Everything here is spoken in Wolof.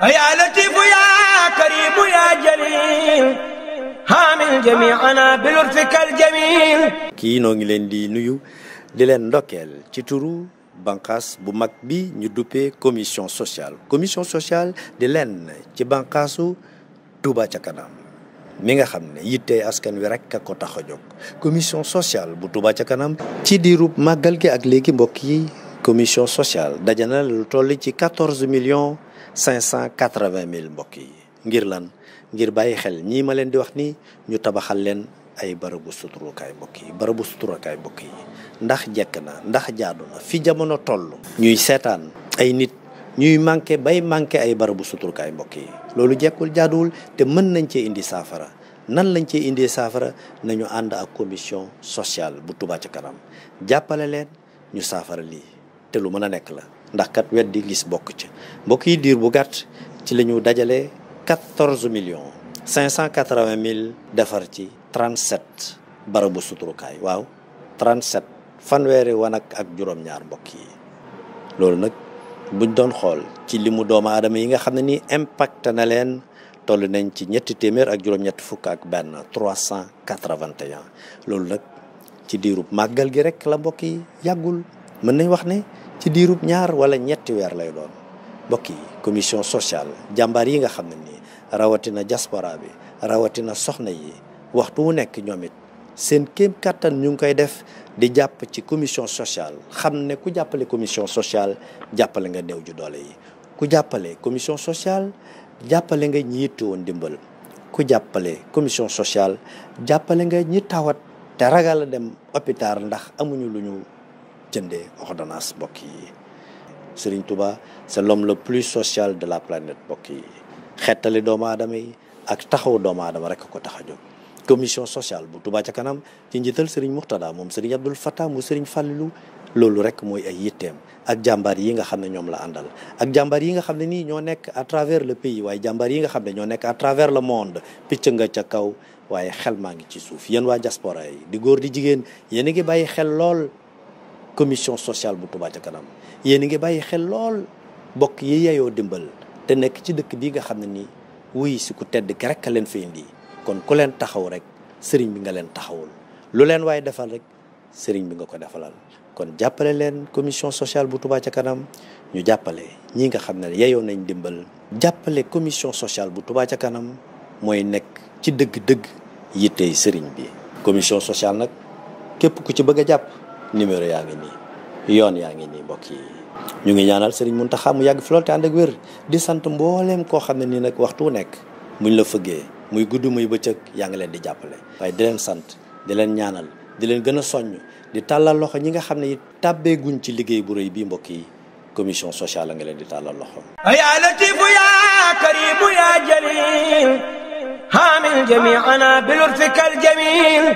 yaa latiifu yaa kariimu yaa jaliil haamil jamii'anaa bi lutfikal jamiil kii noo ngi leen di nuyu di leen ndokkeel ci turu banqaas bu mag bi ñu duppee commission sociale commission sociale di leen ci banqaasu Touba ca kanam mi nga xam ne yittee askan wi rek a ko tax a jóg commission sociale bu Touba ca kanam ci diiru màggal gi ak léegi mbokk yi commission sociale dajana lu toll ci 14 millions cinq cent quatre vingt mille mbokk yi ngir lan ngir bàyyi xel ñii ma leen di wax nii ñu tabaxal leen ay barabu suturukaay mbokk yi ndax jekk na ndax jaadu na fi jamono toll. ñuy seetaan ay nit ñuy manqué bay manqué ay barabu suturukaay mbokk yi loolu jekkul jaaduwul te mën nañ cee indi saafara. nan lañ ci indee saafara nañu ànd ak commission sociale bu Touba ci kanam jàppale leen ñu saafara lii te lu mën a nekk la ndax kat wet di gis bokk ci mbokk yi diir bu gàtt ci la ñu dajale 14 millions 580 mille defar ci 37 barabu suturukaay waaw 37 fanweeri wanag ak juróom-ñaar mbokk yi loolu nag buñ doon xool ci limu doom aadama yi nga xam ne nii impact na leen toll nañ ci ñetti téeméer ak juróom-ñett fukk ak benn 381 loolu nag ci diiru màggal gi rek la mbokk yi yàggul mën nañ wax ne ci diirub ñaar wala ñetti weer lay doon mbokk yi commission sociale jàmbaar yi nga xam ne nii rawatina diaspora bi rawatina soxna yi waxtu wu nekk ñoom it seen kéem kàttan ñu ngi koy def di jàpp ci commission sociale xam ne ku jàppale commission sociale jàppale nga néew ju doole ku jàppale commission sociale jàppale nga ñi yitte woon dimbal ku jàppale commission sociale jàppale nga ñi tawat te ragal dem hôpital ndax amuñu lu ñu jëndee ordonnance mbokk yi Serigne Touba c'est l'homme le plus social de la planète mbokk yi xettali doomu aadama yi ak taxaw doom aadama rek ko tax a jóg commission sociale bu tubaa ca kanam ci njiital Serigne Mourtada moom Serigne Abdoul Fattah mu Serigne Fallilou loolu rek mooy ay yitteem ak jàmbaar yi nga xam ne ñoom la àndal ak jàmbar yi nga xam ne nii ñoo nekk à travers le pays waaye jàmbar yi nga xam ne ñoo nekk à travers le monde picc nga ca kaw waaye xel maa ngi ci suuf yéen waa diaspora yi di góor di jigéen yéen ngi bàyyi xel lool commission sociale bu Touba ca kanam yéen a ngi bàyyi xel lool bokk yi yayoo dimbal te nekk ci dëkk bii nga xam ne nii wuy si ku tedd ki rek a leen fi indi kon ku leen taxaw rek sëriñ bi nga leen taxawul lu leen waaye defal rek sëriñ bi nga ko defalal kon jàppale leen commission sociale bu Touba ca kanam ñu jàppale ñii nga xam ne yayoo nañ dimbal jàppale commission sociale bu Touba ca kanam mooy nekk ci dëgg-dëgg yittey sëriñ bi commission sociale nag képp ku ci bëgg a jàpp numéro yaa ngi nii yoon yaa ngi nii mbokk yi ñu ngi ñaanal Serigne Mountakha mu yàgg fi lool te ànd ak wér di sant mbooleem koo xam ne nii nag waxtu nekk muñ la fëggee muy gudd muy bëccëg yaa ngi leen di jàppale waaye di leen sant di leen ñaanal di leen gën a soññ di tàllal loxo ñi nga xam ne tàbbee guñ ci liggéey bu rëy bi mbokk yi commission sociale la ngi leen di tàllal loxo yaa latifu yaa karimu yaa jalil haamil jamiana bilurfikal jamil